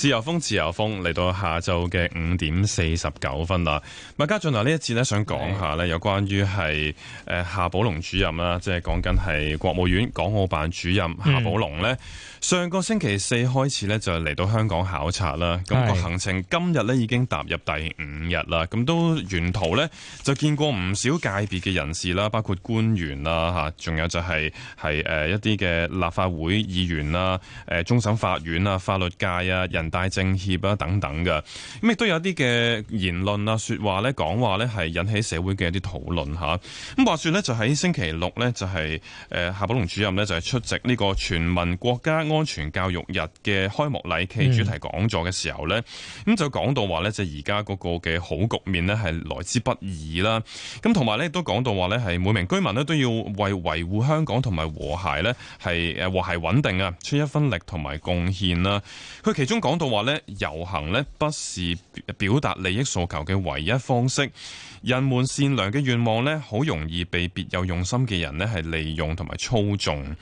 自由風，自由風嚟到下晝嘅五點四十九分啦。麥家俊來呢一次咧，想講下呢有關於係誒夏寶龍主任啦，即係講緊係國務院港澳辦主任夏寶龍呢、嗯、上個星期四開始呢，就嚟到香港考察啦。咁個行程今日呢已經踏入第五日啦。咁都沿途呢，就見過唔少界別嘅人士啦，包括官員啦嚇，仲有就係係誒一啲嘅立法會議員啦，誒終審法院啊、法律界啊人。大政協啊等等嘅，咁亦都有啲嘅言論啊說話咧講話咧係引起社會嘅一啲討論吓，咁話說咧就喺星期六咧就係、是、誒夏寶龍主任咧就係出席呢、這個全民國家安全教育日嘅開幕禮暨主題講座嘅時候咧，咁、嗯、就講到話咧就而家嗰個嘅好局面咧係來之不易啦。咁同埋咧都講到話咧係每名居民咧都要為維護香港同埋和諧咧係誒和諧穩定啊出一分力同埋貢獻啦。佢其中講。到話咧遊行咧不是表達利益訴求嘅唯一方式，人們善良嘅願望咧，好容易被別有用心嘅人咧係利用同埋操縱，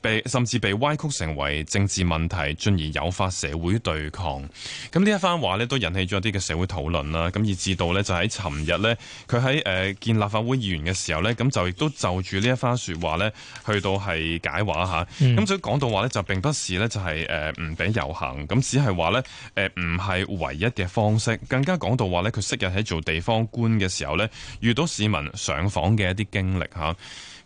被甚至被歪曲成為政治問題，進而誘發社會對抗。咁呢一番話咧都引起咗一啲嘅社會討論啦。咁以至到咧就喺尋日咧，佢喺誒見立法會議員嘅時候咧，咁就亦都就住呢一番話、嗯、說話咧去到係解話吓。咁所以講到話咧就並不是咧就係誒唔俾遊行，咁只係話。話咧，誒，唔係唯一嘅方式，更加講到話咧，佢昔日喺做地方官嘅時候咧，遇到市民上訪嘅一啲經歷吓。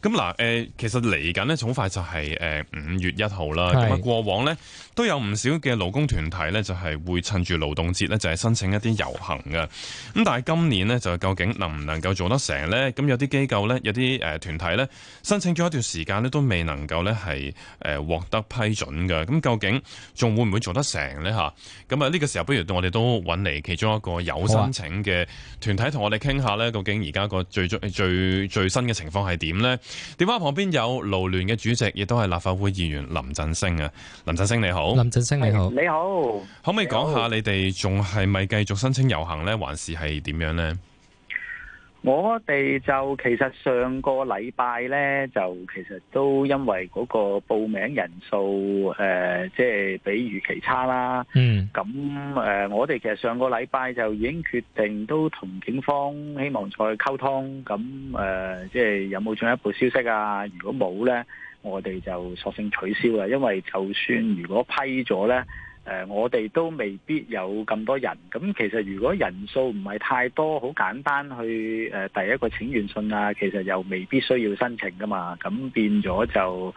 咁嗱，誒，其實嚟緊呢，好快就係誒五月一號啦。咁啊，過往呢，都有唔少嘅勞工團體呢，就係會趁住勞動節呢，就係申請一啲遊行嘅。咁但係今年呢，就究竟能唔能夠做得成呢？咁有啲機構呢，有啲誒團體呢，申請咗一段時間呢，都未能夠呢，係誒獲得批准嘅。咁究竟仲會唔會做得成呢？吓，咁啊呢個時候，不如我哋都揾嚟其中一個有申請嘅團體，同我哋傾下呢，究竟而家個最最最新嘅情況係點呢？電話旁邊有勞聯嘅主席，亦都係立法會議員林振昇啊。林振昇你好，林振昇你好，你好，可唔可以講下你哋仲係咪繼續申請遊行呢？還是係點樣呢？我哋就其實上個禮拜咧，就其實都因為嗰個報名人數誒，即、呃、係、就是、比預期差啦。嗯，咁誒、呃，我哋其實上個禮拜就已經決定都同警方希望再溝通。咁誒，即、呃、係、就是、有冇進一步消息啊？如果冇咧，我哋就索性取消啦。因為就算如果批咗咧，誒、呃，我哋都未必有咁多人，咁其實如果人數唔係太多，好簡單去誒、呃，第一個請願信啊，其實又未必需要申請噶嘛，咁變咗就誒、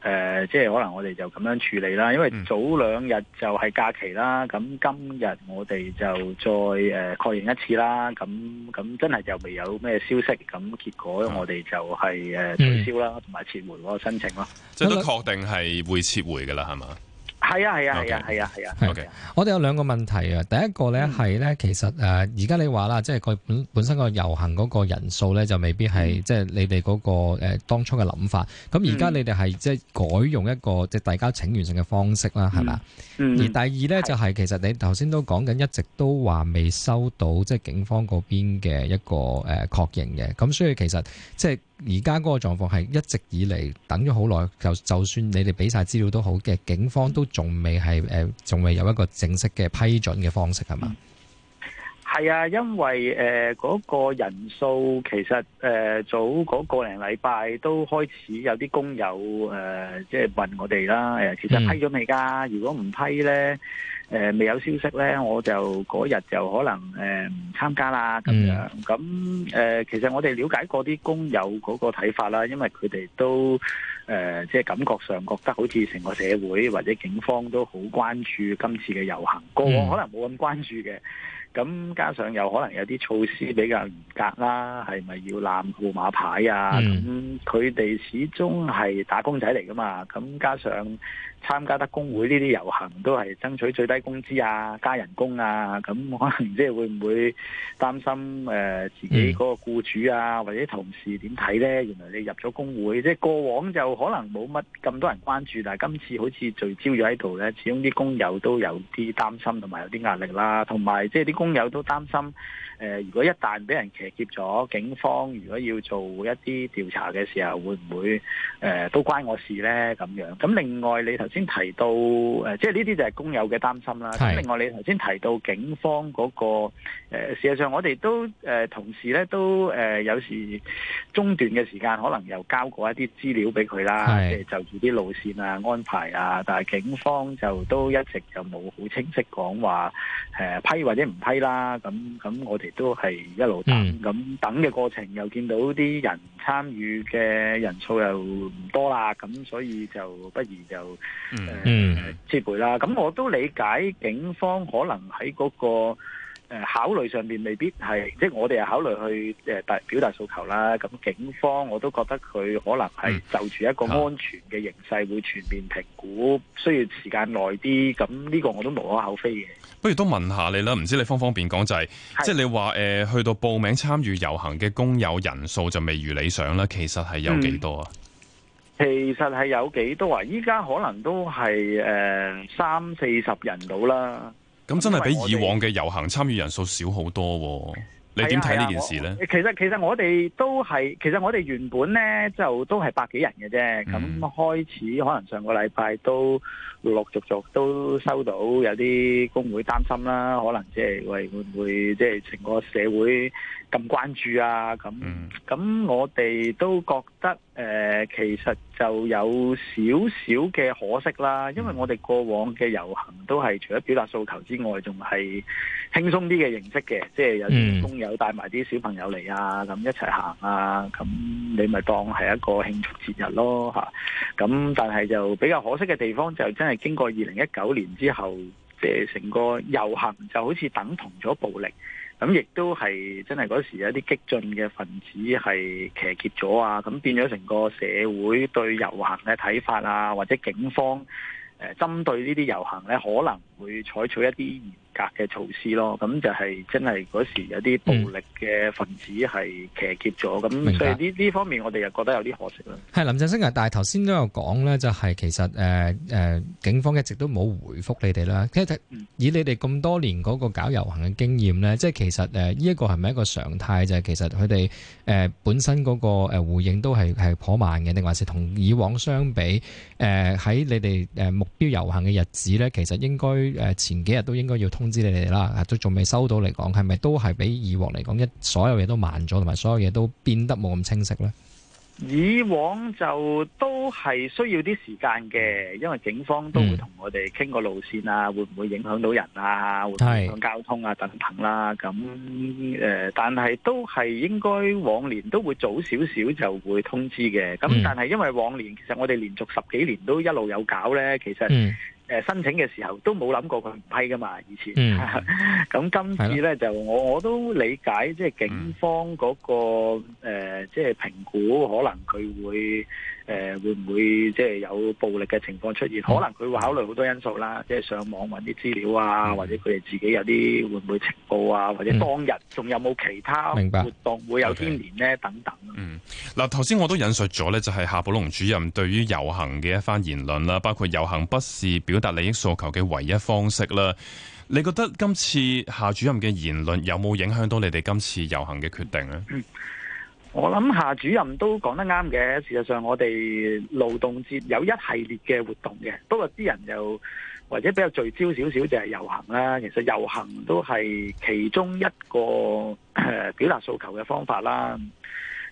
呃，即係可能我哋就咁樣處理啦。因為早兩日就係假期啦，咁今日我哋就再誒確、呃、認一次啦，咁咁真係又未有咩消息，咁結果我哋就係誒取消啦，同、呃、埋、嗯、撤回嗰個申請啦。即係都確定係會撤回噶啦，係嘛？係啊係啊係啊係啊係啊！我哋有兩個問題啊，第一個咧係咧，其實誒而家你話啦，即係佢本本身個遊行嗰個人數咧就未必係、嗯，即係你哋嗰、嗰個誒、呃、當初嘅諗法。咁而家你哋係即係改用一個、嗯、即係大家請願性嘅方式啦，係咪、嗯嗯？而第二咧就係、是、其實你頭先都講緊，一直都話未收到即係警方嗰邊嘅一個誒確認嘅。咁所以其實即係。而家嗰個狀況係一直以嚟等咗好耐，就就算你哋俾曬資料都好，嘅警方都仲未係誒，仲、呃、未有一個正式嘅批准嘅方式，係嘛？係、嗯、啊，因為誒嗰、呃那個人數其實誒、呃、早嗰個零禮拜都開始有啲工友誒，即、呃、係問我哋啦。誒，其實批咗未㗎？如果唔批咧？誒、呃、未有消息呢，我就嗰日就可能誒唔、呃、參加啦咁樣。咁、嗯、誒、呃，其實我哋了解過啲工友嗰個睇法啦，因為佢哋都誒、呃、即係感覺上覺得好似成個社會或者警方都好關注今次嘅遊行。過往可能冇咁關注嘅。咁、嗯、加上又可能有啲措施比較嚴格啦，係咪要攬號碼牌啊？咁佢哋始終係打工仔嚟㗎嘛。咁加上。參加得工會呢啲遊行都係爭取最低工資啊、加人工啊，咁可能即係會唔會擔心誒、呃、自己嗰個僱主啊或者同事點睇呢？原來你入咗工會，即、就、係、是、過往就可能冇乜咁多人關注，但今次好似聚焦咗喺度呢，始終啲工友都有啲擔心同埋有啲壓力啦，同埋即係啲工友都擔心誒、呃，如果一旦俾人騎劫咗，警方如果要做一啲調查嘅時候，會唔會誒、呃、都關我事呢？咁樣。咁另外你頭先提到誒，即係呢啲就係工友嘅擔心啦。咁另外你頭先提到警方嗰、那個、呃、事實上我哋都誒、呃、同時咧都誒有時中斷嘅時間可能又交過一啲資料俾佢啦，即係就住啲路線啊、安排啊。但係警方就都一直就冇好清晰講話誒批或者唔批啦。咁咁我哋都係一路等，咁、嗯、等嘅過程又見到啲人參與嘅人數又唔多啦，咁所以就不如就。嗯，設、嗯呃、備啦，咁我都理解警方可能喺嗰、那個誒、呃、考慮上面未必係，即、就、係、是、我哋係考慮去誒、呃、表表達訴求啦。咁警方我都覺得佢可能係就住一個安全嘅形勢會全面評估、嗯，需要時間耐啲。咁呢個我都無可厚非嘅。不如都問下你啦，唔知你方方便講就係、是，即係你話誒去到報名參與遊行嘅工友人數就未如理想啦，其實係有幾多啊？嗯其實係有幾多啊？依家，可能都係誒三四十人到啦。咁真係比以往嘅遊行參與人數少好多。你點睇呢件事呢？嗯、其實其實我哋都係，其實我哋原本呢就都係百幾人嘅啫。咁開始可能上個禮拜都陸陸續續都收到有啲工會擔心啦，可能即係會唔會即係成個社會。咁關注啊，咁咁我哋都覺得誒、呃，其實就有少少嘅可惜啦，因為我哋過往嘅遊行都係除咗表達訴求之外，仲係輕鬆啲嘅形式嘅，即係有啲工友帶埋啲小朋友嚟啊，咁一齊行啊，咁你咪當係一個慶祝節日咯嚇。咁但係就比較可惜嘅地方，就真係經過二零一九年之後。誒成個遊行就好似等同咗暴力，咁亦都係真係嗰時有啲激進嘅分子係騎劫咗啊！咁變咗成個社會對遊行嘅睇法啊，或者警方誒針對呢啲遊行呢，可能會採取一啲格嘅措施咯，咁就係真係嗰時有啲暴力嘅分子係騎劫咗，咁所以呢呢方面我哋又覺得有啲可惜啦。係林振昇啊，但係頭先都有講咧，就係其實誒誒警方一直都冇回覆你哋啦。其實以你哋咁多年嗰個搞遊行嘅經驗咧，即係其實誒呢一個係咪一個常態？就係其實佢哋誒本身嗰個誒回應都係係頗慢嘅，定還是同以往相比？誒喺你哋誒目標遊行嘅日子咧，其實應該誒前幾日都應該要通。通知你哋啦，都仲未收到嚟講，係咪都係比以往嚟講，一所有嘢都慢咗，同埋所有嘢都變得冇咁清晰咧？以往就都係需要啲時間嘅，因為警方都會同我哋傾過路線啊，會唔會影響到人啊，會唔會影響交通啊等等啦。咁誒，但係都係應該往年都會早少少就會通知嘅。咁但係因為往年其實我哋連續十幾年都一路有搞咧，其實。誒申請嘅時候都冇諗過佢唔批噶嘛，以前。咁、嗯、 今次呢，嗯、就我我都理解，即、就、係、是、警方嗰、那個即係、嗯呃就是、評估可能佢會誒、呃、會唔會即係、就是、有暴力嘅情況出現，嗯、可能佢會考慮好多因素啦，即、就、係、是、上網揾啲資料啊，嗯、或者佢哋自己有啲會唔會情報啊，嗯、或者當日仲有冇其他活動會有牽連呢、明白、等等。嗱，頭先我都引述咗呢，就係夏寶龍主任對於遊行嘅一番言論啦、嗯，包括遊行不是表表達利益訴求嘅唯一方式啦，你覺得今次夏主任嘅言論有冇影響到你哋今次遊行嘅決定咧？我諗夏主任都講得啱嘅，事實上我哋勞動節有一系列嘅活動嘅，不過啲人又或者比較聚焦少少就係遊行啦。其實遊行都係其中一個表達訴求嘅方法啦。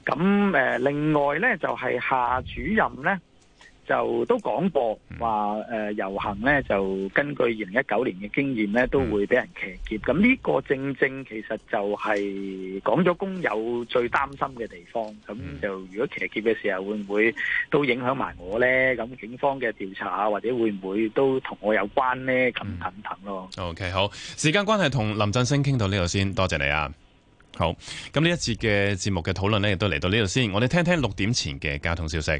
咁誒、呃，另外呢，就係、是、夏主任呢。就都講過話誒、呃、遊行呢，就根據二零一九年嘅經驗呢，都會俾人騎劫。咁、嗯、呢個正正其實就係講咗工友最擔心嘅地方。咁、嗯、就如果騎劫嘅時候會唔會都影響埋我呢？咁警方嘅調查啊，或者會唔會都同我有關呢？咁等等咯。OK，好，時間關係，同林振昇傾到呢度先，多謝你啊。好，咁呢一節嘅節目嘅討論呢，亦都嚟到呢度先。我哋聽聽六點前嘅交通消息。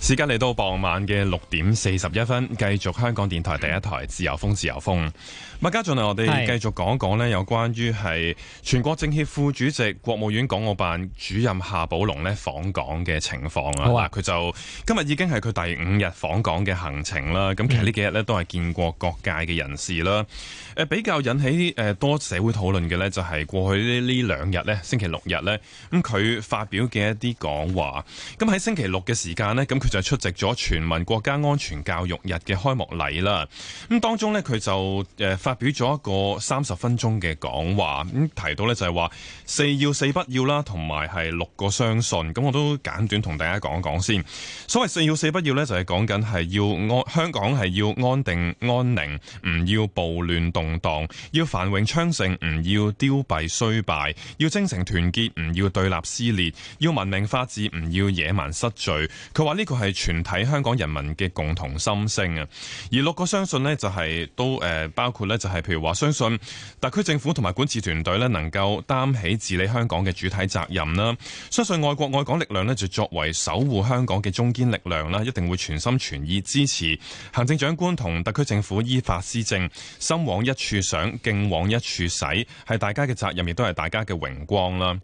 時間嚟到傍晚嘅六點四十一分，繼續香港電台第一台、嗯、自由風，自由風。麥家俊嚟，我哋繼續講講呢是有關於係全國政協副主席、國務院港澳辦主任夏寶龍呢訪港嘅情況，好啊，佢就今日已經係佢第五日訪港嘅行程啦。咁其實呢幾日呢都係見過各界嘅人士啦。嗯嗯比較引起誒多社會討論嘅呢，就係過去呢呢兩日呢，星期六日呢，咁佢發表嘅一啲講話。咁喺星期六嘅時間呢，咁佢就出席咗全民國家安全教育日嘅開幕禮啦。咁當中呢，佢就誒發表咗一個三十分鐘嘅講話，咁提到呢就係話四要四不要啦，同埋係六個相信。咁我都簡短同大家講講先。所謂四要四不要呢，就係講緊係要安香港係要安定安寧，唔要暴亂動動盪，要繁榮昌盛，唔要凋敝衰敗；要精誠團結，唔要對立撕裂；要文明法治，唔要野蠻失序。佢話呢個係全體香港人民嘅共同心聲啊！而六個相信呢、就是，就係都誒，包括呢、就是，就係譬如話，相信特區政府同埋管治團隊呢，能夠擔起治理香港嘅主體責任啦。相信愛國愛港力量呢，就作為守護香港嘅中堅力量啦，一定會全心全意支持行政長官同特區政府依法施政，心往一。處想勁往一處使，係大家嘅責任，亦都係大家嘅榮光啦。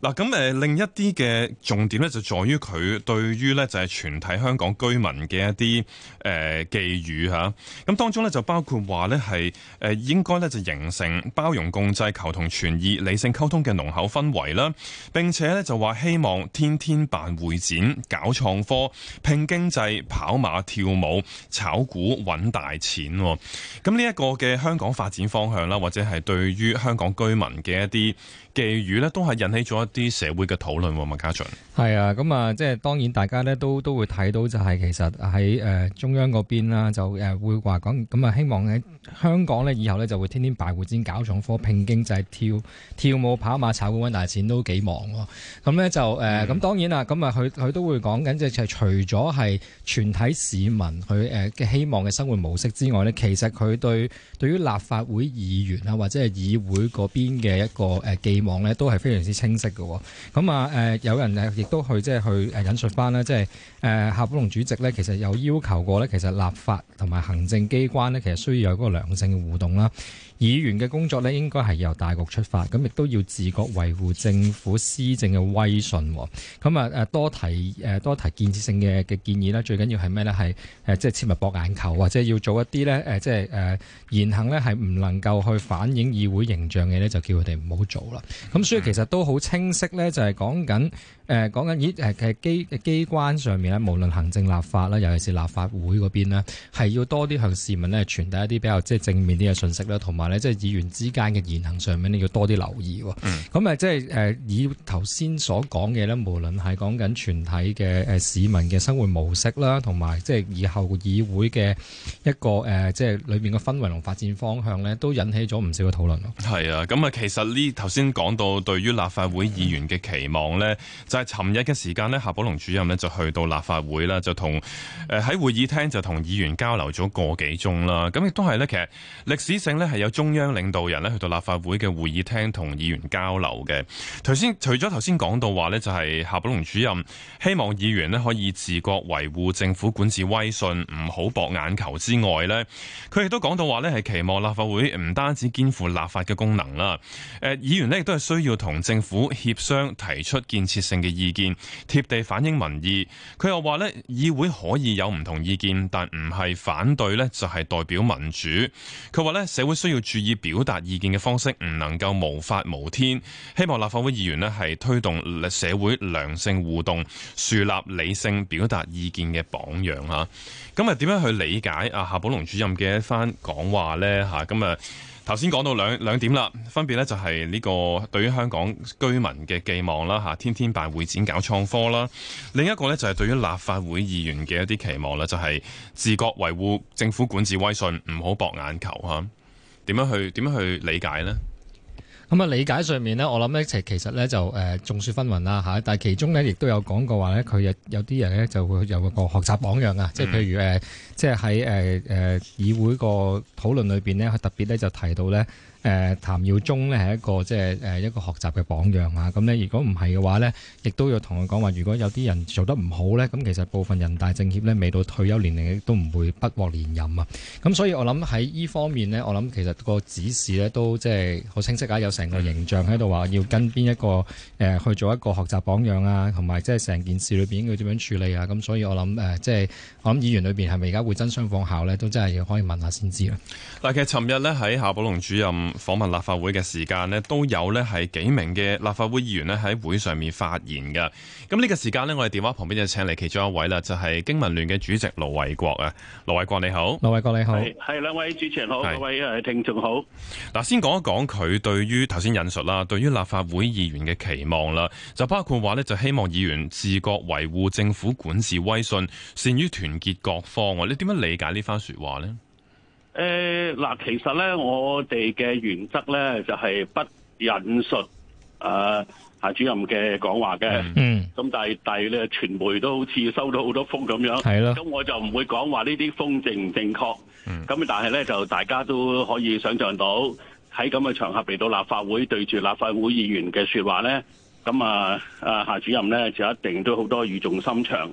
嗱，咁誒、呃，另一啲嘅重點咧，就在於佢對於呢就係、是、全體香港居民嘅一啲誒、呃、寄語吓。咁當中呢，就包括話呢係誒、呃、應該咧就形成包容、共濟、求同存異、理性溝通嘅濃厚氛圍啦，並且呢就話希望天天辦會展、搞創科、拼經濟、跑馬跳舞、炒股揾大錢。咁呢一個嘅香港。發展方向啦，或者係對於香港居民嘅一啲。寄語咧，都係引起咗一啲社會嘅討論。麥家俊係啊，咁啊，即係當然，大家咧都都會睇到、就是，就係其實喺誒、呃、中央嗰邊啦，就、呃、誒會話講，咁、嗯、啊，希望喺香港呢，以後呢就會天天白活，先搞重科，拼經濟跳，跳跳舞、跑馬炒、炒股搵大錢都，都幾忙喎。咁咧就誒，咁、呃、當然啦，咁啊，佢佢都會講緊，即係除咗係全體市民佢誒嘅希望嘅生活模式之外呢，其實佢對對於立法會議員啊，或者係議會嗰邊嘅一個誒寄。望咧都係非常之清晰嘅，咁啊誒，有人誒亦都去即係去誒引述返啦。即係誒夏寶龍主席咧，其實有要求過咧，其實立法同埋行政機關咧，其實需要有嗰個良性嘅互動啦。議員嘅工作呢應該係由大局出發，咁亦都要自覺維護政府施政嘅威信。咁啊誒，多提誒多提建設性嘅嘅建議啦。最緊要係咩呢？係誒即係切勿博眼球，或者要做一啲呢誒即係誒言行呢係唔能夠去反映議會形象嘅呢就叫佢哋唔好做啦。咁所以其實都好清晰呢，就係講緊。誒講緊咦誒嘅機關上面咧，無論行政立法啦，尤其是立法會嗰邊咧，係要多啲向市民咧傳遞一啲比較即係正面啲嘅信息啦，同埋咧即係議員之間嘅言行上面咧，要多啲留意。喎、嗯。咁啊即係以頭先所講嘅咧，無論係講緊全體嘅市民嘅生活模式啦，同埋即係以後議會嘅一個即係裏面嘅氛圍同發展方向咧，都引起咗唔少嘅討論。係啊，咁啊其實呢頭先講到對於立法會議員嘅期望咧。嗯就係尋日嘅時間咧，夏寶龍主任咧就去到立法會啦，就同誒喺會議廳就同議員交流咗個幾鐘啦。咁亦都係呢，其實歷史性咧係有中央領導人咧去到立法會嘅會議廳同議員交流嘅。頭先除咗頭先講到話呢，就係、是、夏寶龍主任希望議員咧可以自覺維護政府管治威信，唔好博眼球之外呢，佢亦都講到話呢，係期望立法會唔單止肩負立法嘅功能啦。誒，議員呢亦都係需要同政府協商，提出建設性。嘅意見貼地反映民意，佢又話咧議會可以有唔同意見，但唔係反對咧就係、是、代表民主。佢話咧社會需要注意表達意見嘅方式，唔能夠無法無天。希望立法會議員呢係推動社會良性互動，樹立理性表達意見嘅榜樣吓，咁啊點樣去理解阿夏寶龍主任嘅一番講話呢？吓，咁啊？頭先講到兩兩點啦，分別咧就係呢個對於香港居民嘅寄望啦嚇，天天辦會展搞創科啦；另一個咧就係對於立法會議員嘅一啲期望啦，就係自覺維護政府管治威信，唔好博眼球嚇。點樣去點樣去理解呢？咁啊，理解上面咧，我諗咧，其實咧就誒、呃、眾說紛紜啦吓，但係其中咧亦都有講過話咧，佢有有啲人咧就會有個學習榜樣啊，即係譬如誒、呃，即係喺誒誒議會個討論裏邊咧，佢特別咧就提到咧。誒、呃，譚耀宗呢係一個即係誒一個學習嘅榜樣啊！咁呢，如果唔係嘅話呢，亦都要同佢講話。如果有啲人做得唔好呢，咁其實部分人大政協呢，未到退休年齡都唔會不獲連任啊！咁所以我諗喺呢方面呢，我諗其實個指示呢都即係好清晰啊！有成個形象喺度話要跟邊一個誒去做一個學習榜樣啊，同埋即係成件事裏邊要點樣處理啊！咁所以我諗誒即係。呃即係咁議員裏面係咪而家會爭相仿效呢？都真係可以問下先知啦。嗱，其實尋日呢喺夏寶龍主任訪問立法會嘅時間呢，都有呢係幾名嘅立法會議員呢喺會上面發言㗎。咁呢個時間呢，我哋電話旁邊就請嚟其中一位啦，就係經民聯嘅主席盧偉國啊。盧偉國你好，盧偉國你好，係兩位主持人好，各位誒聽眾好。嗱，先講一講佢對於頭先引述啦，對於立法會議員嘅期望啦，就包括話呢，就希望議員自覺維護政府管治威信，善於團結各方，你點樣理解呢番說話呢？誒，嗱，其實呢，我哋嘅原則呢，就係、是、不引述誒、呃、夏主任嘅講話嘅。嗯。咁但係但係咧，傳媒都好似收到好多風咁樣。係咯。咁我就唔會講話呢啲風正唔正確。嗯。咁但係呢，就大家都可以想象到喺咁嘅場合，嚟到立法會對住立法會議員嘅說話呢，咁啊啊夏主任呢，就一定都好多語重心長。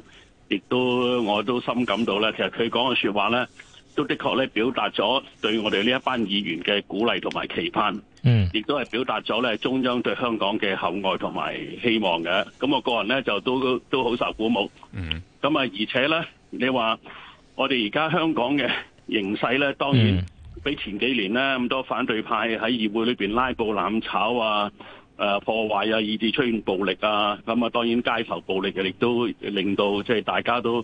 亦都我都深感到咧，其實佢講嘅說話咧，都的確咧表達咗對我哋呢一班議員嘅鼓勵同埋期盼，嗯、mm.，亦都係表達咗咧中央對香港嘅厚愛同埋希望嘅。咁我個人咧就都都好受鼓舞，嗯。咁啊，而且咧，你話我哋而家香港嘅形勢咧，當然比前幾年咧咁多反對派喺議會裏邊拉布攬炒啊。誒破壞啊，以至出現暴力啊，咁啊當然街頭暴力嘅亦都令到即係大家都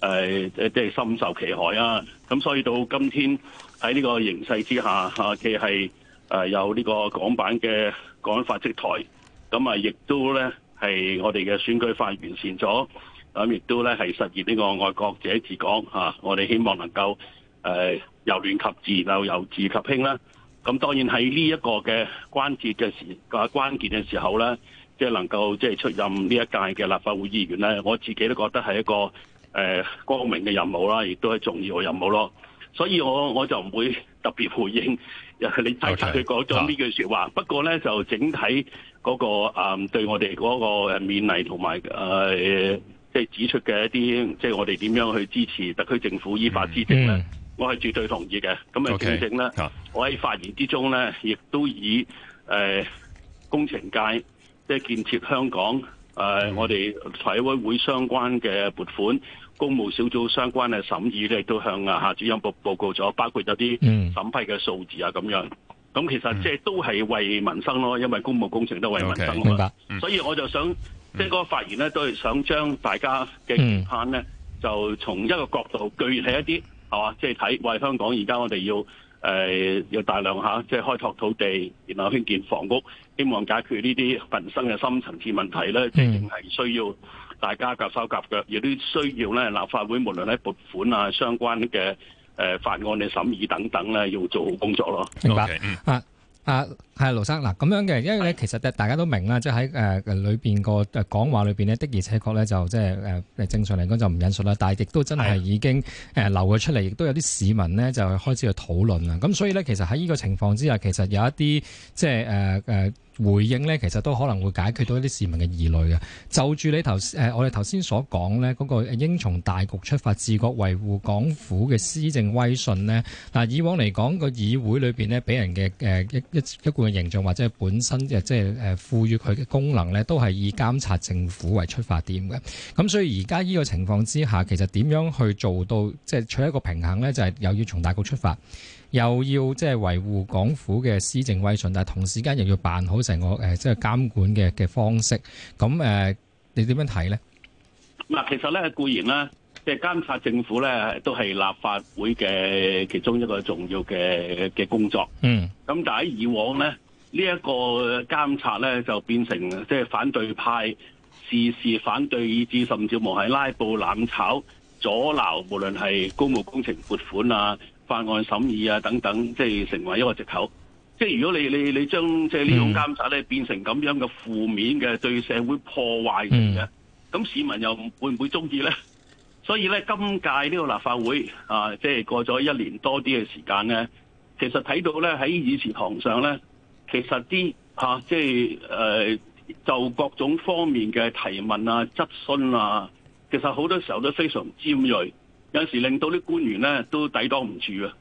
誒即係深受其害啊！咁所以到今天喺呢個形勢之下嚇，佢係有呢個港版嘅《國安法》出台，咁啊亦都咧係我哋嘅選舉法完善咗，咁亦都咧係實現呢個愛國者治港嚇，我哋希望能夠誒、呃、由亂及治，又由治及興啦、啊。咁當然喺呢一個嘅關節嘅時啊關鍵嘅時候咧，即係能夠即係出任呢一屆嘅立法會議員咧，我自己都覺得係一個誒、呃、光明嘅任務啦，亦都係重要嘅任務咯。所以我我就唔會特別回應你提出佢講咗呢句說話。Okay. 不過咧，就整體嗰、那個啊、呃、對我哋嗰個勉勵同埋誒即係指出嘅一啲，即係我哋點樣去支持特區政府依法施政咧？嗯嗯我係絕對同意嘅，咁啊正正咧。Okay. 我喺發言之中咧，亦都以誒、呃、工程界即係建設香港誒，呃 mm. 我哋財委會相關嘅撥款、公務小組相關嘅審議咧，都向啊哈主任部報告咗，包括有啲審批嘅數字啊咁樣。咁其實即係都係為民生咯，因為公務工程都為民生、okay. 所以我就想即係個發言咧，都係想將大家嘅疑問咧，mm. 就從一個角度具體一啲。係、啊、嘛？即係睇為香港而家我哋要誒、呃、要大量下，即係開拓土地，然後興建房屋，希望解決呢啲民生嘅深層次問題咧，即係仍係需要大家夾手夾腳，亦都需要咧立法會無論咧撥款啊，相關嘅誒、呃、法案嘅審議等等咧，要做好工作咯。明白。嗯。啊，係啊，盧生，嗱、啊、咁樣嘅，因為咧，其實大家都明啦，即係喺誒誒裏邊個講話裏邊咧，的而且確咧就即係誒誒正常嚟講就唔引述啦，但係亦都真係已經誒流咗出嚟，亦都有啲市民咧就開始去討論啦。咁所以咧，其實喺呢個情況之下，其實有一啲即係誒誒。呃呃回應呢，其實都可能會解決到一啲市民嘅疑慮嘅。就住你頭先誒，我哋頭先所講呢嗰個應從大局出發，自覺維護港府嘅施政威信呢嗱，以往嚟講個議會裏面呢，俾人嘅一一一貫嘅形象，或者本身即係誒賦予佢嘅功能呢，都係以監察政府為出發點嘅。咁所以而家呢個情況之下，其實點樣去做到即係、就是、取一個平衡呢？就係、是、又要從大局出發。又要即係維護港府嘅施政威信，但係同時間又要辦好成個誒即係監管嘅嘅方式。咁誒，你點樣睇咧？嗱，其實咧固然啦，即係監察政府咧，都係立法會嘅其中一個重要嘅嘅工作。嗯。咁但係以往咧，呢一個監察咧就變成即係反對派事事反對以至甚至無係拉布攬炒阻撓，無論係公務工程撥款啊、法案審議啊等等，即係成為一個藉口。即係如果你你你將即係呢種監察咧變成咁樣嘅負面嘅對社會破壞性嘅，咁、嗯、市民又會唔會中意咧？所以咧，今屆呢個立法會啊，即係過咗一年多啲嘅時間咧，其實睇到咧喺以前堂上咧，其實啲嚇、啊、即係、呃、就各種方面嘅提問啊、質詢啊，其實好多時候都非常尖銳。有時令到啲官員咧都抵擋唔住啊！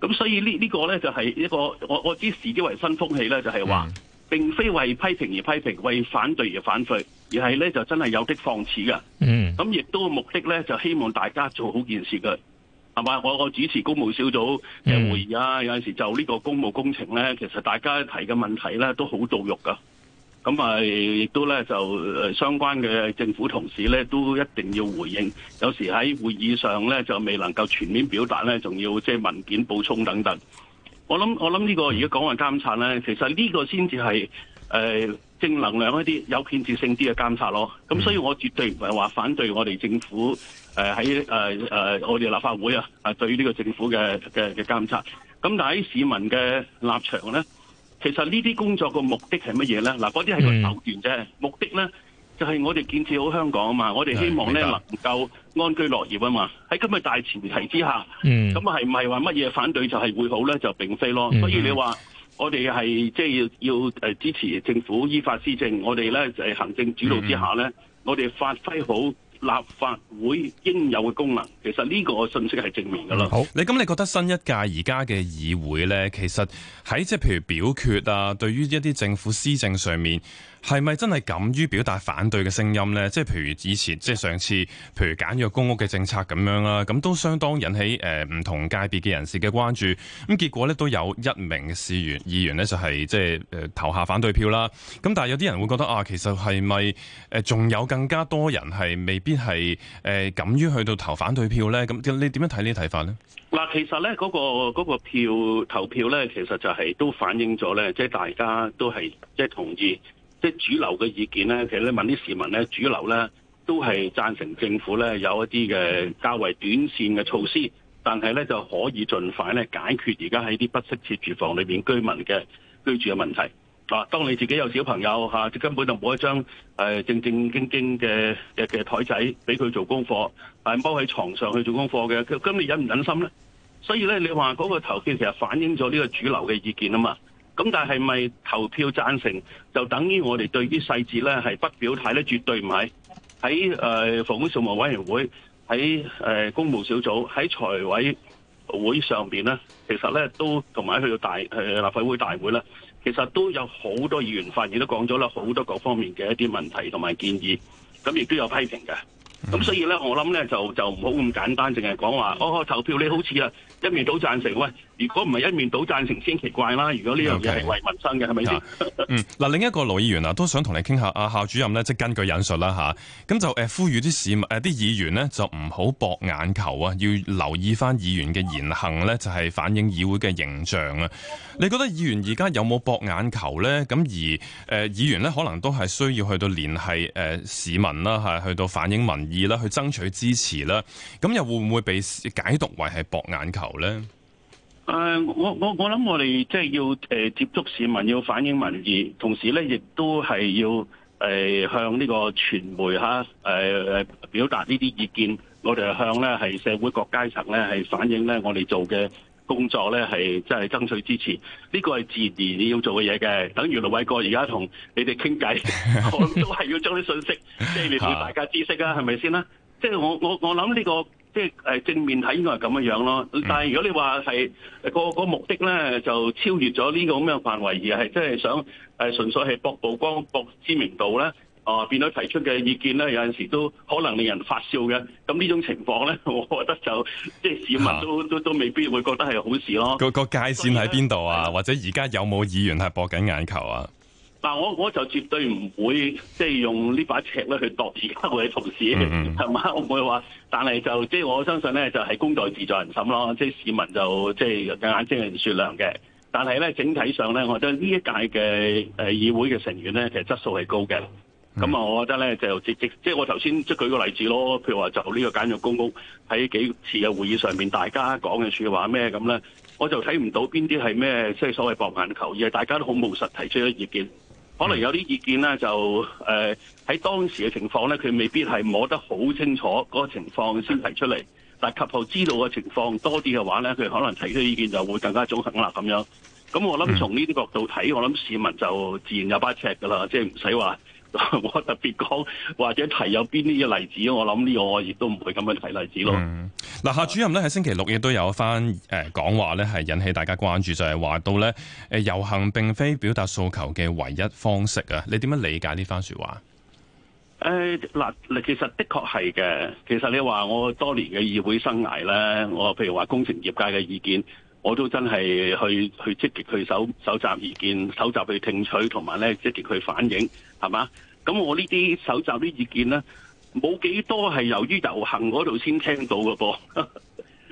咁所以、這個、呢呢個咧就係、是、一個我我哋視之為新風氣咧，就係、是、話並非為批評而批評，為反對而反對，而係咧就真係有的放矢㗎。咁、嗯、亦都目的咧就希望大家做好件事嘅，係嘛？我我主持公務小組嘅會議啊，嗯、有陣時就呢個公務工程咧，其實大家提嘅問題咧都好到肉㗎。咁啊，亦都咧就相關嘅政府同事咧，都一定要回應。有時喺會議上咧，就未能夠全面表達咧，仲要即係文件補充等等。我諗我諗呢個而家講話監察咧，其實呢個先至係誒正能量一啲、有建設性啲嘅監察咯。咁所以我絕對唔係話反對我哋政府誒喺誒我哋立法會啊，對於呢個政府嘅嘅嘅監察。咁但喺市民嘅立場咧？其實呢啲工作嘅目的係乜嘢咧？嗱，嗰啲係個手段啫、嗯。目的咧就係、是、我哋建設好香港啊嘛。我哋希望咧能夠安居樂業啊嘛。喺今日大前提之下，咁啊係唔係話乜嘢反對就係會好咧？就並非咯。所、嗯、以你話我哋係即係要要誒、呃、支持政府依法施政，我哋咧就係行政主導之下咧，我哋發揮好。立法會應有嘅功能，其實呢個信息係正面㗎啦。好，你咁你覺得新一屆而家嘅議會咧，其實喺即係譬如表決啊，對於一啲政府施政上面。係咪真係敢於表達反對嘅聲音呢？即係譬如以前，即係上次，譬如簡約公屋嘅政策咁樣啦，咁都相當引起誒呃、唔同界別嘅人士嘅關注。咁結果呢，都有一名事員議員呢，就係即係投下反對票啦。咁但係有啲人會覺得啊，其實係咪仲有更加多人係未必係誒、呃、敢於去到投反對票呢？咁你點樣睇呢啲睇法呢？嗱，其實呢嗰個嗰個票投票呢，其實就係都反映咗呢，即係大家都係即係同意。即主流嘅意見咧，其實咧問啲市民咧，主流咧都係贊成政府咧有一啲嘅較為短線嘅措施，但係咧就可以儘快咧解決而家喺啲不適切住房裏面居民嘅居住嘅問題。啊，當你自己有小朋友嚇、啊，根本就冇一張誒、啊、正正經經嘅嘅嘅台仔俾佢做功課，係踎喺床上去做功課嘅，咁你忍唔忍心咧？所以咧，你話嗰個頭先其實反映咗呢個主流嘅意見啊嘛。咁但係咪投票贊成就等於我哋對啲細節咧係不表態咧？絕對唔係喺誒房屋事務委員會，喺誒、呃、公務小組，喺財委會會上面咧，其實咧都同埋去到大誒、呃、立法會大會咧，其實都有好多議員發言都講咗啦，好多各方面嘅一啲問題同埋建議，咁亦都有批評嘅。咁所以咧，我諗咧就就唔好咁簡單，淨係講話哦，投票你好似啊一面倒贊成，喂！如果唔係一面倒贊成，先奇怪啦。如果呢樣嘢係為民生嘅，係、okay. 咪？嗯，嗱，另一個羅議員啊，都想同你傾下、啊。夏主任咧，即係根據引述啦吓，咁、啊、就誒、呃、呼籲啲市民誒，啲、呃、議員咧就唔好博眼球啊，要留意翻議員嘅言行咧，就係、是、反映議會嘅形象啊。你覺得議員而家有冇博眼球咧？咁而誒、呃，議員咧可能都係需要去到聯繫誒市民啦、啊，去到反映民意啦，去爭取支持啦。咁、啊、又會唔會被解讀為係博眼球咧？誒、uh,，我我我諗我哋即係要誒、呃、接觸市民，要反映民意，同時咧亦都係要誒、呃、向呢個傳媒下誒、呃、表達呢啲意見。我哋向咧係社會各階層咧係反映咧我哋做嘅工作咧係即係爭取支持。呢個係自然你要做嘅嘢嘅。等於盧偉國而家同你哋傾偈， 我都係要將啲信息即係你到大家知識啊，係 咪先啦、啊？即、就、係、是、我我我諗呢、這個。即係誒正面睇應該係咁樣樣咯，但係如果你話係、個個目的咧，就超越咗呢個咁嘅範圍而係即係想誒純粹係博曝光、博知名度咧，啊、呃、變咗提出嘅意見咧，有陣時都可能令人發笑嘅。咁呢種情況咧，我覺得就即係市民都、啊、都都未必會覺得係好事咯。個個界線喺邊度啊？或者而家有冇議員係博緊眼球啊？但我我就絕對唔會即係用呢把尺咧去度而家嘅同事，係、mm-hmm. 嘛？我唔會話，但係就即係我相信咧，就係公道自在人心咯。即係市民就即係眼睛係雪亮嘅。但係咧，整體上咧，我覺得呢一屆嘅誒議會嘅成員咧，其實質素係高嘅。咁啊，我覺得咧就直接即即係我頭先即舉舉個例子咯。譬如話就呢個簡約公屋喺幾次嘅會議上面，大家講嘅説話咩咁咧，我就睇唔到邊啲係咩即係所謂博眼球，而係大家都好務實提出咗意見。嗯、可能有啲意見咧，就誒喺、呃、當時嘅情況咧，佢未必係摸得好清楚嗰個情況先提出嚟、嗯。但係及後知道嘅情況多啲嘅話咧，佢可能提出意見就會更加中肯啦咁樣。咁我諗從呢啲角度睇，我諗市民就自然有把尺㗎啦，即係唔使話。 我特別講或者提有邊啲嘅例子，我諗呢個我亦都唔會咁樣提例子咯。嗱、嗯，夏主任咧喺星期六亦都有翻誒講話咧，係引起大家關注，就係、是、話到咧誒遊行並非表達訴求嘅唯一方式啊！你點樣理解呢番説話？誒嗱，其實的確係嘅。其實你話我多年嘅議會生涯咧，我譬如話工程業界嘅意見，我都真係去去積極去搜搜集意見、搜集去聽取，同埋咧積極去反映。係嘛？咁我呢啲搜集啲意見咧，冇幾多係由於遊行嗰度先聽到㗎噃。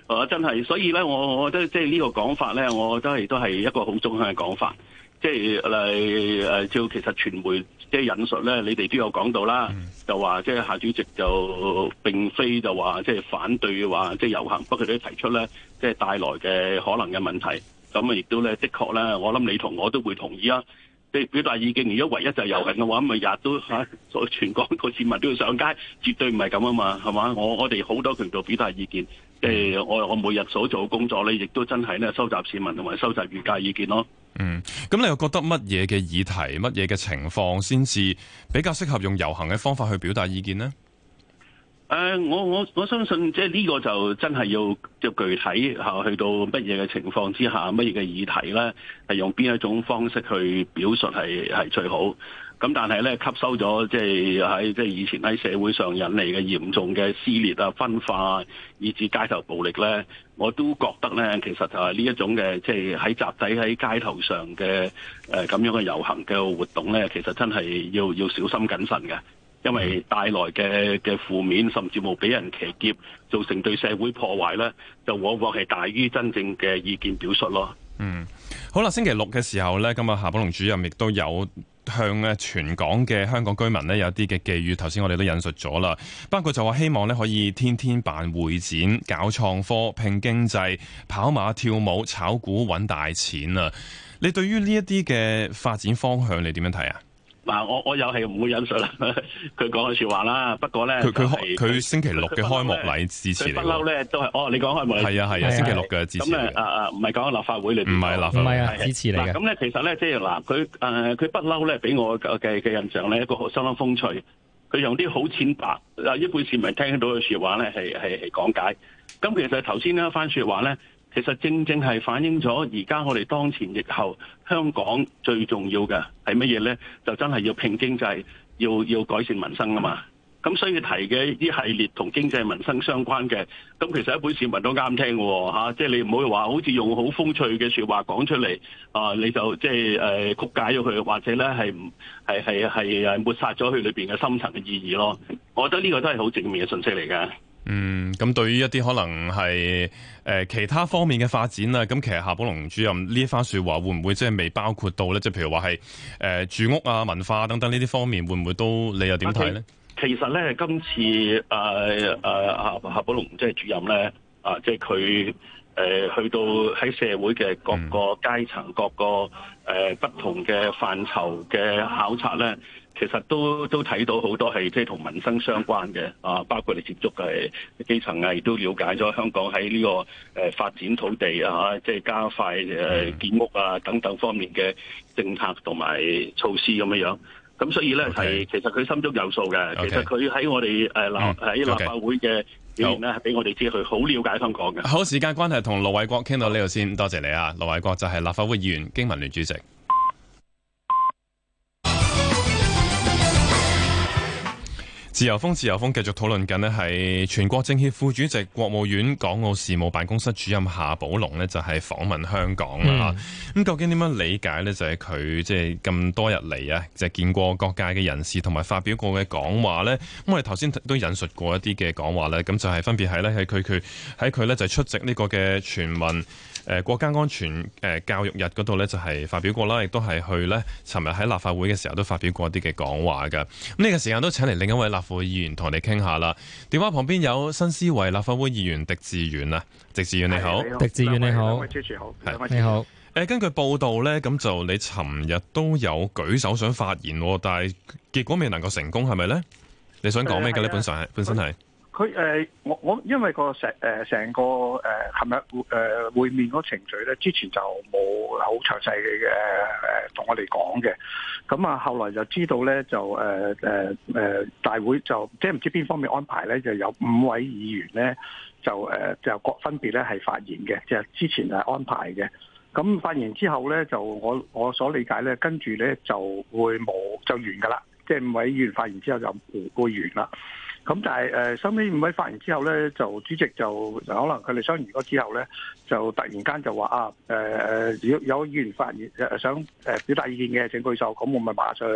啊，真係，所以咧，我我覺得即係呢個講法咧，我覺得係都係一個好中肯嘅講法。即係就、呃、照其實傳媒即係引述咧，你哋都有講到啦，就話即係夏主席就並非就話即係反對話即係遊行，不過都提出咧即係帶來嘅可能嘅問題。咁啊，亦都咧，的確咧，我諗你同我都會同意啦。即表達意見，如果唯一就係遊行嘅話，咪日都喺、啊、全港個市民都要上街，絕對唔係咁啊嘛，係嘛？我我哋好多渠道表達意見，誒、呃，我我每日所做嘅工作咧，亦都真係咧收集市民同埋收集業界意見咯。嗯，咁你又覺得乜嘢嘅議題、乜嘢嘅情況，先至比較適合用遊行嘅方法去表達意見呢？誒、uh，我我我相信，即係呢個就真係要即係具體嚇，去到乜嘢嘅情況之下，乜嘢嘅議題咧，係用邊一種方式去表述係係最好。咁但係咧，吸收咗即係喺即係以前喺社會上引嚟嘅嚴重嘅撕裂啊、分化、啊，以至街頭暴力咧，我都覺得咧，其實就係呢一種嘅即係喺集體喺街頭上嘅誒咁樣嘅遊行嘅活動咧，其實真係要要小心謹慎嘅。因為帶來嘅嘅負面，甚至無俾人騎劫，造成對社會破壞，就往往係大於真正嘅意見表述咯。嗯，好啦，星期六嘅時候，呢咁啊夏寶龍主任亦都有向全港嘅香港居民呢有啲嘅寄語，頭先我哋都引述咗啦。包括就話希望呢可以天天辦會展、搞創科、拼經濟、跑馬跳舞、炒股揾大錢啊！你對於呢一啲嘅發展方向，你點樣睇啊？嗱，我我又係唔會引述啦，佢講嘅說話啦。不過咧、就是，佢佢佢星期六嘅開幕禮支持嚟。不嬲咧，都係哦，你講開幕禮係啊係啊，啊，星期六嘅支持。咁咧啊啊，唔係講立法會裏唔係立法會，唔係、啊、支持嚟嘅。咁咧其實咧、就是，即係嗱，佢誒佢不嬲咧，俾我嘅嘅印象咧，一個好相當風趣。佢用啲好淺白啊，一般市民聽到嘅說話咧，係係係講解。咁其實頭先呢番說話咧。其實正正係反映咗而家我哋當前疫後香港最重要嘅係乜嘢咧？就真係要拼經濟，要要改善民生啊嘛！咁所以提嘅呢系列同經濟民生相關嘅，咁其實一般市民都啱聽喎。即係、啊、係、就係、你唔好話好似用好風趣嘅說話講出嚟啊，你就即係誒曲解咗佢，或者咧係唔係係係抹殺咗佢裏面嘅深層嘅意義咯。我覺得呢個都係好正面嘅信息嚟㗎。嗯，咁對於一啲可能係誒、呃、其他方面嘅發展啊，咁其實夏寶龍主任呢番說話會唔會即係未包括到咧？即係譬如話係誒住屋啊、文化、啊、等等呢啲方面，會唔會都你又點睇咧？其實咧，今次誒誒夏夏寶龍即係主任咧，啊、呃，即係佢誒去到喺社會嘅各個階層、嗯、各個誒、呃、不同嘅範疇嘅考察咧。其實都都睇到好多係即係同民生相關嘅啊，包括你接觸嘅基層啊，亦都了解咗香港喺呢、這個誒、呃、發展土地啊，即係加快誒、呃、建屋啊等等方面嘅政策同埋措施咁樣樣。咁所以咧係其實佢心中有數嘅，其實佢喺、okay. 我哋誒立喺立法會嘅表現咧，係、okay. 俾我哋知佢好了解香港嘅。好，時間關係，同盧偉國傾到呢度先，多謝你啊，盧偉國就係立法會議員、經民聯主席。自由風，自由風，繼續討論緊呢係全國政協副主席、國務院港澳事務辦公室主任夏寶龍呢就係、是、訪問香港啦。咁、嗯、究竟點樣理解呢？就係佢即係咁多日嚟啊，就係、見過各界嘅人士，同埋發表過嘅講話呢。我哋頭先都引述過一啲嘅講話呢，咁就係分別係呢，係佢佢喺佢呢，就係、出席呢個嘅傳聞。誒、呃、國家安全誒、呃、教育日嗰度咧，就係發表過啦，亦都係去咧，尋日喺立法會嘅時候都發表過一啲嘅講話㗎。咁呢個時間都請嚟另一位立法會議員同我哋傾下啦。電話旁邊有新思維立法會議員狄志遠啊，狄志遠你好，狄志遠你好，你好。你好。誒、呃、根據報道咧，咁就你尋日都有舉手想發言，哦，但係結果未能夠成功，係咪咧？你想講咩嘅呢？本身係本身係。佢誒我我因為個成誒成個誒係咪誒會面嗰程序咧，之前就冇好詳細嘅誒同我哋講嘅。咁啊，後來就知道咧就誒誒誒大會就即係唔知邊方面安排咧，就有五位議員咧就誒、呃、就各分別咧係發言嘅，即、就、係、係、之前係安排嘅。咁發言之後咧就我我所理解咧，跟住咧就會冇就完噶啦，即係五位議員發言之後就回就完啦。咁但係誒，收、呃、尾五位發言之後咧，就主席就可能佢哋相遇咗之後咧，就突然間就話啊，誒、呃、如果有有議員發言、呃、想表達意見嘅，請舉手。咁我咪馬上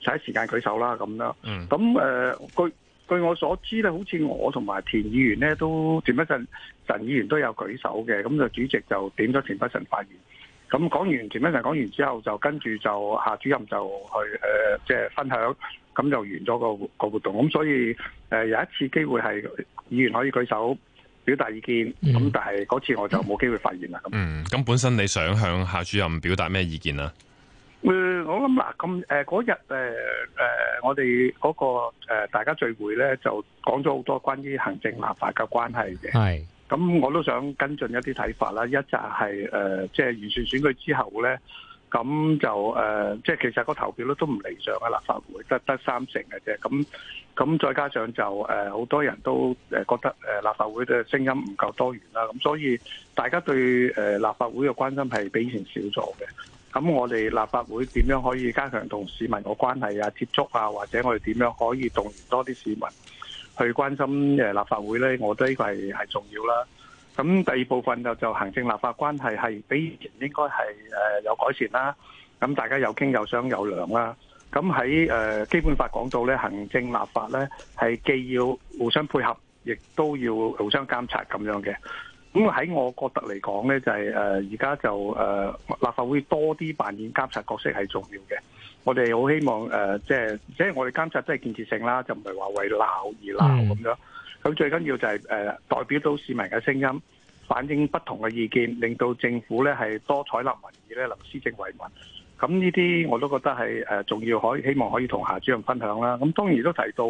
第一時間舉手啦，咁咯。咁、嗯、誒、呃，據據我所知咧，好似我同埋田議員咧，都田北辰、陳議員都有舉手嘅。咁就主席就點咗田北辰發言。咁講完田北辰講完之後，就跟住就夏主任就去誒，即、呃、係、就是、分享。咁就完咗個活動，咁所以誒、呃、有一次機會係議員可以舉手表達意見，咁、嗯、但係嗰次我就冇機會發言啦。嗯，咁本身你想向夏主任表達咩意見啊、呃？我諗嗱，咁誒嗰日誒、呃、我哋嗰、嗰個、呃、大家聚會咧，就講咗好多關於行政立法嘅關係嘅。係，咁我都想跟進一啲睇法啦。一集、呃、就係誒，即係完善選舉之後咧。咁就誒，即、呃、係其實個投票咧都唔理想嘅，立法會，得得三成嘅啫。咁咁再加上就誒，好、呃、多人都誒覺得誒立法會嘅聲音唔夠多元啦。咁所以大家對誒立法會嘅關心係比以前少咗嘅。咁我哋立法會點樣可以加強同市民嘅關係啊、接觸啊，或者我哋點樣可以動員多啲市民去關心誒立法會咧？我覺得呢個係係重要啦。咁第二部分就就行政立法關係係比以前應該係、呃、有改善啦，咁大家有傾有商有量啦。咁喺、呃、基本法講到咧，行政立法咧係既要互相配合，亦都要互相監察咁樣嘅。咁喺我覺得嚟講咧，就係誒而家就誒、呃、立法會多啲扮演監察角色係重要嘅。我哋好希望誒即係即係我哋監察都係建設性啦，就唔係話為鬧而鬧咁樣。咁最緊要就係、是、誒、呃、代表到市民嘅聲音，反映不同嘅意見，令到政府咧係多採納民意咧，立施政為民。咁呢啲我都覺得係誒重要可以，可希望可以同夏主任分享啦。咁當然都提到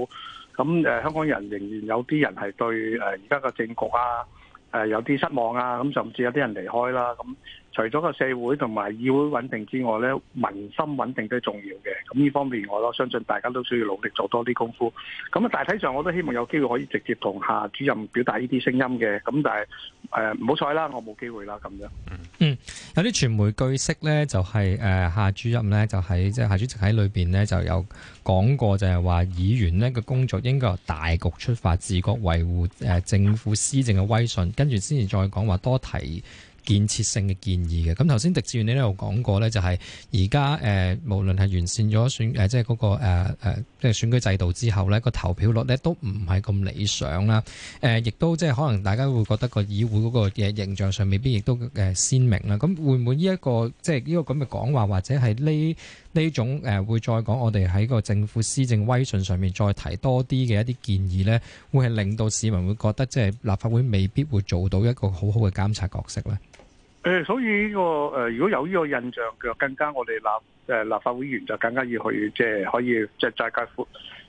咁誒、呃，香港人仍然有啲人係對誒而家嘅政局啊，誒、呃、有啲失望啊，咁甚至有啲人離開啦咁。除咗個社會同埋議會穩定之外咧，民心穩定都係重要嘅。咁呢方面，我咯相信大家都需要努力做多啲功夫。咁啊，大體上我都希望有機會可以直接同夏主任表達呢啲聲音嘅。咁但係誒，唔好彩啦，我冇機會啦咁樣。嗯，有啲傳媒據悉呢，就係誒夏主任呢、就是，就喺即係夏主席喺裏邊呢，就有講過就係話議員呢嘅工作應該由大局出發，自覺維護誒政府施政嘅威信。跟住之前再講話多提。建設性嘅建議嘅。咁頭先，狄志遠你都有講過呢，就係而家誒，無論係完善咗選、呃、即係嗰、嗰個誒、呃、即係選舉制度之後，呢個投票率呢都唔係咁理想啦。亦、呃、都即係可能大家會覺得個議會嗰個嘅形象上未必亦都鮮明啦。咁會唔會呢、呢、一個即係呢個咁嘅講話，或者係呢呢種、呃、會再講我哋喺個政府施政威信上面再提多啲嘅一啲建議呢？會係令到市民會覺得即係立法會未必會做到一個好好嘅監察角色呢。誒，所以呢、呢個誒，如果有呢個印象嘅，更加我哋立誒立法會議員就更加要去，即係可以，即係大家，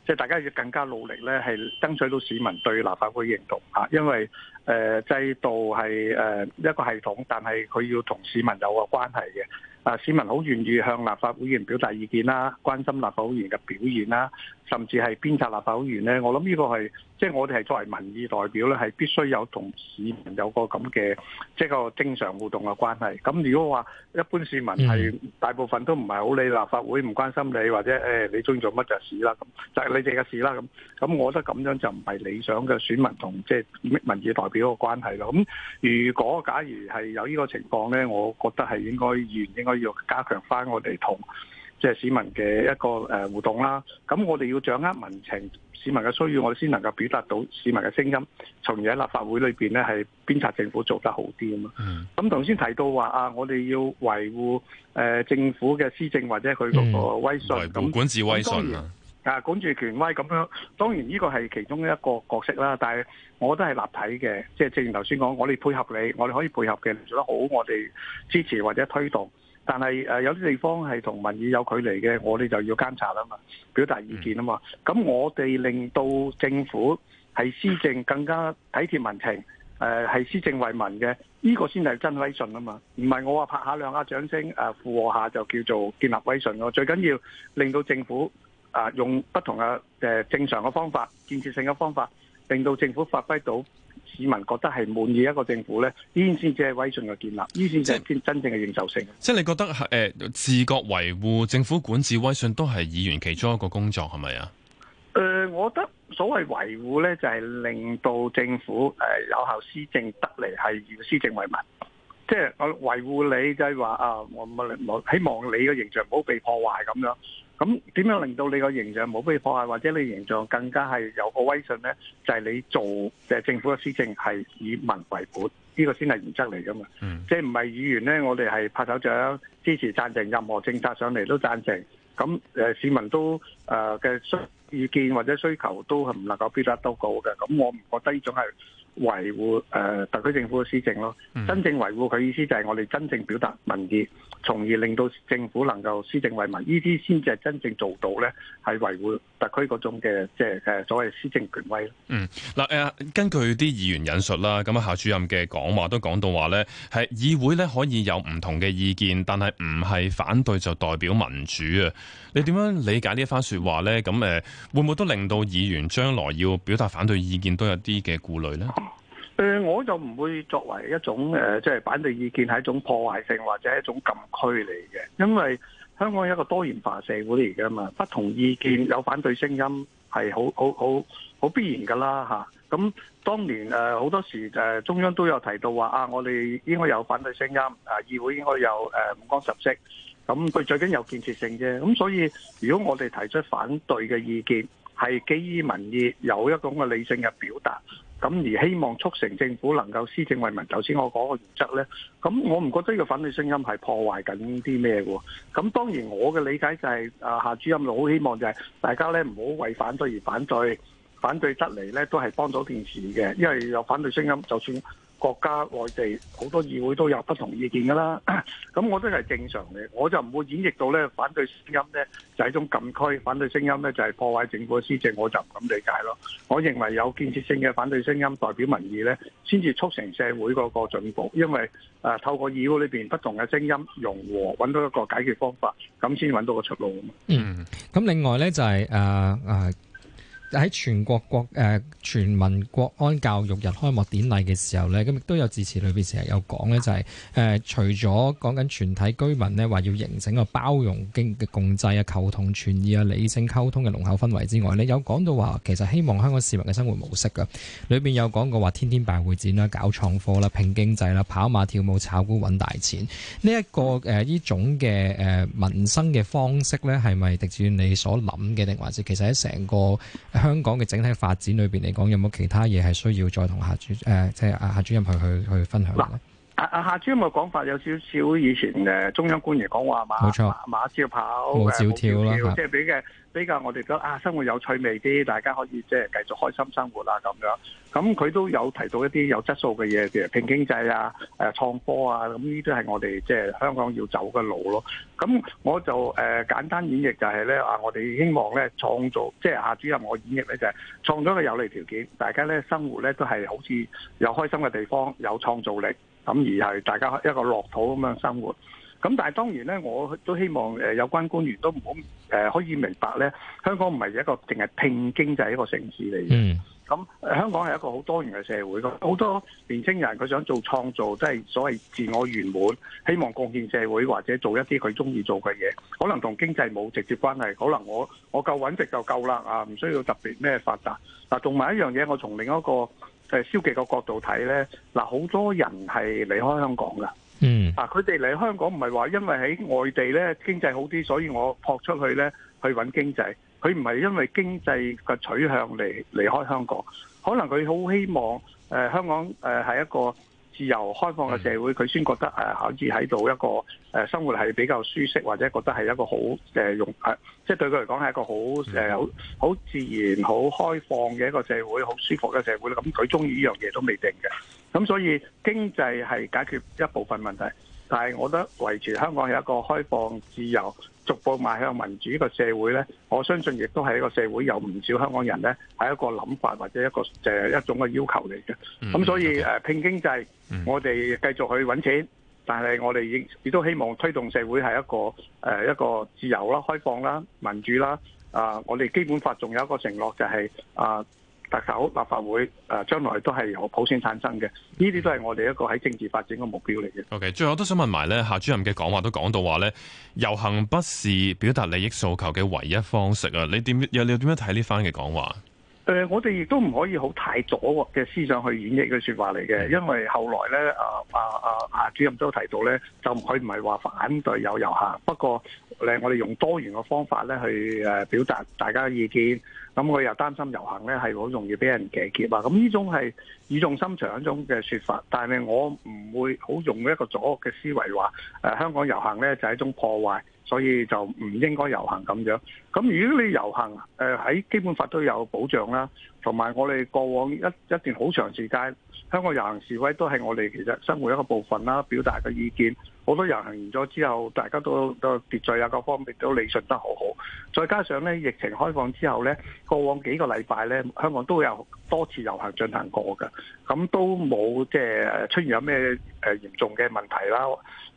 即係大家要更加努力咧，係爭取到市民對立法會認同嚇。因為誒、呃、制度係誒一個系統，但係佢要同市民有個關係嘅。啊，市民好願意向立法會議員表達意見啦，關心立法會議員嘅表現啦，甚至係鞭策立法會議員咧。我諗呢個係。即係我哋係作為民意代表咧，係必須有同市民有個咁嘅即係個正常互動嘅關係。咁如果話一般市民係大部分都唔係好理立法會，唔關心你，或者、哎、你中意做乜就是、事啦，咁就係你哋嘅事啦。咁咁我覺得咁樣就唔係理想嘅選民同即係民意代表嘅關係咯。咁如果假如係有呢個情況咧，我覺得係應該議員應該要加強翻我哋同。即係市民嘅一個誒互動啦，咁我哋要掌握民情、市民嘅需要，我哋先能夠表達到市民嘅聲音。從而喺立法會裏面，咧，係鞭策政府做得好啲啊嘛。咁頭先提到話啊，我哋要維護、呃、政府嘅施政或者佢個個威信，咁、嗯、管治威信啊，管住權威咁樣。當然呢個係其中一個角色啦，但係我覺得係立體嘅，即、就、係、是、正如頭先講，我哋配合你，我哋可以配合嘅做得好，我哋支持或者推動。但係誒有啲地方係同民意有距離嘅，我哋就要監察啦嘛，表達意見啊嘛。咁我哋令到政府係施政更加體貼民情，誒係施政為民嘅，呢個先係真威信啊嘛。唔係我話拍下兩下掌聲誒附和下就叫做建立威信咯。最緊要令到政府啊用不同嘅誒正常嘅方法、建設性嘅方法，令到政府發揮到。市民覺得係滿意一個政府咧，呢先至係威信嘅建立，呢先至係真正嘅認受性。即係你覺得係誒、呃、自覺維護政府管治威信，都係議員其中一個工作係咪啊？誒、呃，我覺得所謂維護咧，就係、是、令到政府誒、呃、有效施政得嚟係要施政為民，即係我、呃、維護你，就係話啊，我冇冇希望你嘅形象唔好被破壞咁樣。咁點樣令到你個形象冇被破壞、啊，或者你形象更加係有個威信呢？就係、係、你做政府嘅施政係以民為本，呢、呢個先係原則嚟噶嘛。即係唔係議員呢，我哋係拍手掌支持贊成任何政策上嚟都贊成。咁、呃、市民都誒嘅意見或者需求都係唔能夠面面俱到嘅。咁我唔覺得呢種係。維護誒、呃、特區政府嘅施政咯、嗯，真正維護佢意思就係我哋真正表達民意，從而令到政府能夠施政為民意，呢啲先至係真正做到呢，係維護特區嗰種嘅即係所謂施政權威。嗯，嗱、呃、誒，根據啲議員引述啦，咁啊，夏主任嘅講話都講到話呢，係議會呢可以有唔同嘅意見，但係唔係反對就代表民主啊？你點樣理解這番呢番番説話呢？咁誒、呃，會唔會都令到議員將來要表達反對意見都有啲嘅顧慮呢？誒，我就唔會作為一種誒，即係反對意見係一種破壞性或者一種禁區嚟嘅，因為香港係一個多元化社會嚟噶嘛，不同意見有反對聲音係好好好必然噶啦吓。咁當年誒好多時誒中央都有提到話啊，我哋應該有反對聲音，啊議會應該有誒五光十色。咁佢最緊有建設性啫。咁所以如果我哋提出反對嘅意見，係基於民意，有一種嘅理性嘅表達。咁而希望促成政府能夠施政為民，首先我講個原則呢，咁我唔覺得呢個反對聲音係破壞緊啲咩嘅。咁當然我嘅理解就係，啊夏主任好希望就係大家呢，唔好為反對而反對，反對得嚟呢都係幫到件事嘅，因為有反對聲音就算。國家內地好多議會都有不同意見㗎啦，咁 我都係正常嘅，我就唔會演繹到咧反對聲音咧就係一種禁區，反對聲音咧就係破壞政府嘅施政，我就唔咁理解咯。我認為有建設性嘅反對聲音代表民意咧，先至促成社會嗰個進步，因為、啊、透過議會裏面不同嘅聲音融合，揾到一個解決方法，咁先揾到個出路啊嘛。嗯，咁另外咧就係、是、誒、呃呃喺全國國誒、呃、全民國安教育日開幕典禮嘅時候呢，咁亦都有致辭裏面成日有講呢，就係、是、誒、呃、除咗講緊全體居民呢，話要形成個個包容、經共濟啊、求同存異啊、理性溝通嘅濃厚氛圍之外，呢有講到話其實希望香港市民嘅生活模式噶，裏面有講過話天天辦會展啦、搞創科啦、拼經濟啦、跑馬跳舞炒股揾大錢呢一、這個誒呢、呃、種嘅誒、呃、民生嘅方式呢，係咪迪志遠你所諗嘅？定還是其實喺成個？香港嘅整體發展裏邊嚟講，有冇其他嘢係需要再同夏主誒、呃？即係啊，夏主任去去去分享咧？啊啊！夏主任嘅講法有少少以前中央官員講話嘛，馬，冇錯，馬少跑、馬少跳啦，即係比，比較我哋覺得啊生活有趣味啲，大家可以即係繼續開心生活啊咁樣。咁佢都有提到一啲有質素嘅嘢，譬如拼經濟啊，啊、創科啊，咁呢啲都係我哋即係香港要走嘅路咯。咁我就誒、呃、簡單演繹就係咧啊，我哋希望咧創造，即係夏主任我演繹咧就係創造一個有利條件，大家咧生活咧都係好似有開心嘅地方，有創造力。咁而係大家一個樂土咁樣生活，咁但係當然咧，我都希望誒有關官員都唔好誒可以明白咧，香港唔係一個淨係拼經濟一個城市嚟嘅。咁香港係一個好多元嘅社會，好多年青人佢想做創造，即係所謂自我圓滿，希望貢獻社會或者做一啲佢中意做嘅嘢，可能同經濟冇直接關係，可能我我夠揾食就夠啦，啊唔需要特別咩發達。嗱，同埋一樣嘢，我從另一個。誒消極個角度睇咧，嗱，好多人係離開香港噶。嗯，嗱，佢哋嚟香港唔係話因為喺外地咧經濟好啲，所以我撲出去咧去揾經濟。佢唔係因為經濟嘅取向嚟離開香港，可能佢好希望誒香港誒係一個。自由開放嘅社會，佢先覺得誒好似喺度一個誒生活係比較舒適，或者覺得係一個好誒容誒，即、呃、係、就是、對佢嚟講係一個好誒好好自然、好開放嘅一個社會，好舒服嘅社會。咁佢中意呢樣嘢都未定嘅，咁所以經濟係解決一部分問題，但係我覺得維持香港係一個開放自由。逐步邁向民主呢、呢個社會咧，我相信亦都係一個社會有唔少香港人咧係一個諗法或者一個、就是、一種嘅要求嚟嘅。咁、mm-hmm. 所以誒、呃、拼經濟，mm-hmm. 我哋繼續去搵錢，但係我哋亦亦都希望推動社會係一個、呃、一個自由啦、開放啦、民主啦。啊、呃，我哋基本法仲有一個承諾就係、是、啊。呃特首立法會誒，將來都係由普選產生嘅，呢啲都係我哋一個喺政治發展嘅目標嚟嘅。OK，最後都想問埋咧，夏主任嘅講話都講到話咧，遊行不是表達利益訴求嘅唯一方式啊！你點樣又你點樣睇呢番嘅講話？誒、呃，我哋亦都唔可以好太左嘅思想去演繹嘅説話嚟嘅，因為後來咧，啊啊啊啊，主任都提到咧，就佢唔係話反對有遊行。不過咧，我哋用多元嘅方法咧去誒，表達大家嘅意見。咁我又擔心遊行咧係好容易俾人騎劫啊！咁呢種係語重心長一種嘅説法，但係我唔會好用一個左嘅思維話，誒、呃、香港遊行咧就係、是、一種破壞。所以就唔應該遊行咁樣。咁如果你遊行，誒喺基本法都有保障啦。同埋我哋過往一一段好長時間，香港遊行示威都係我哋其實生活一個部分啦，表達嘅意見。好多遊行完咗之後，大家都都秩序啊各方面都理順得好好。再加上咧，疫情開放之後咧，過往幾個禮拜咧，香港都有多次遊行進行過㗎，咁都冇即係出現有咩誒嚴重嘅問題啦。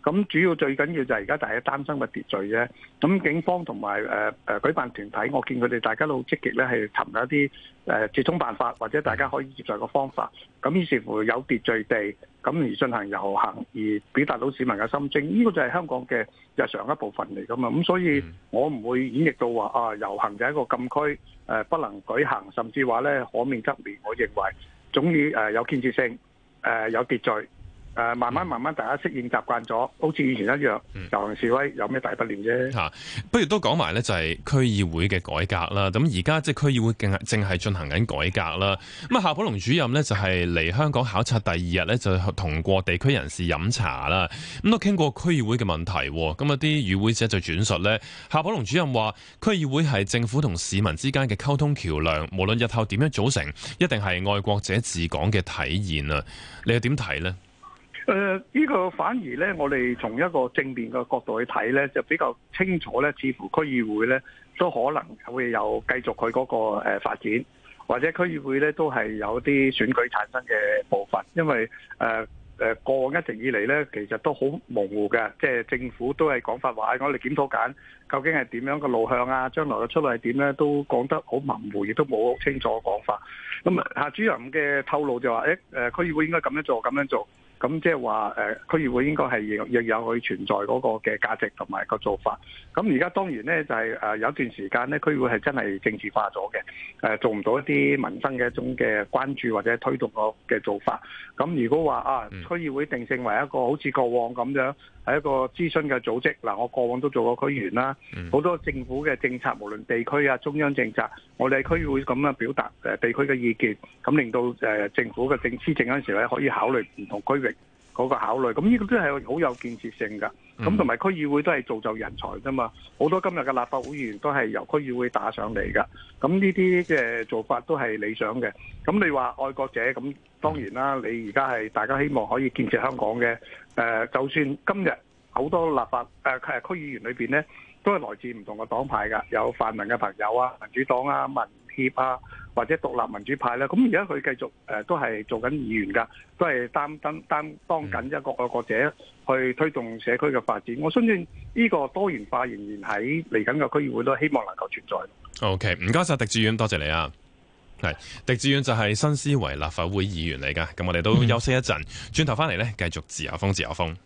咁主要最緊要就係而家大家擔心嘅秩序啫。咁警方同埋誒誒舉辦團體，我見佢哋大家都好積極咧，係尋找一啲誒接通辦法或者大家可以接受個方法。咁於是乎有秩序地。咁而進行遊行而表達到市民嘅心聲，呢個就係香港嘅日常一部分嚟㗎嘛。咁所以我唔會演繹到話啊遊行就係一個禁區，呃，不能舉行，甚至話咧可免則免。我認為總以誒、呃、有建設性，誒、呃、有秩序。誒，慢慢慢慢，大家適應習慣咗，好似以前一樣。就、嗯、遊行示威有咩大不了啫吓？不如都講埋呢，就係區議會嘅改革啦。咁而家即係區議會正正係進行緊改革啦。咁啊，夏寶龍主任呢，就係嚟香港考察第二日呢，就同過地區人士飲茶啦。咁都傾過區議會嘅問題。咁啊，啲與會者就轉述呢：夏寶龍主任話，區議會係政府同市民之間嘅溝通橋樑，無論日後點樣組成，一定係愛國者治港嘅體現啊。你又點睇呢？誒、呃、呢、這個反而咧，我哋從一個正面嘅角度去睇咧，就比較清楚咧。似乎區議會咧都可能會有繼續佢嗰個誒發展，或者區議會咧都係有啲選舉產生嘅部分。因為誒誒、呃呃、過往一直以嚟咧，其實都好模糊嘅，即係政府都係講法話、啊，我哋檢討緊究竟係點樣嘅路向啊，將來嘅出路係點咧，都講得好模糊，亦都冇好清楚嘅講法。咁啊，夏主任嘅透露就話，誒，誒、呃，區議會應該咁樣做，咁樣做。咁即係話誒，區議會應該係亦有佢存在嗰個嘅價值同埋個做法。咁而家當然咧，就係誒有一段時間咧，區議會係真係政治化咗嘅，誒做唔到一啲民生嘅一種嘅關注或者推動個嘅做法。咁如果話啊，區議會定性為一個好似過往咁樣。係一個諮詢嘅組織嗱，我過往都做過區議員啦，好多政府嘅政策，無論地區啊、中央政策，我哋區會咁樣表達誒地區嘅意見，咁令到誒政府嘅政施政嗰陣時咧，可以考慮唔同區域嗰個考慮，咁呢個都係好有建設性噶。咁同埋區議會都係造就人才啫嘛，好多今日嘅立法會議員都係由區議會打上嚟噶，咁呢啲嘅做法都係理想嘅。咁你話愛國者，咁當然啦，你而家係大家希望可以建設香港嘅。誒、呃，就算今日好多立法誒、呃、區議員裏面咧，都係來自唔同嘅黨派㗎，有泛民嘅朋友啊，民主黨啊民。啊，或者獨立民主派咧，咁而家佢繼續誒、呃，都係做緊議員噶，都係擔擔當緊一個愛國者去推動社區嘅發展。我相信呢個多元化仍然喺嚟緊嘅區議會都希望能夠存在。OK，唔該晒狄志遠，多謝你啊。係狄志遠就係新思維立法會議員嚟噶，咁我哋都休息一陣，轉頭翻嚟咧繼續自由風自由風。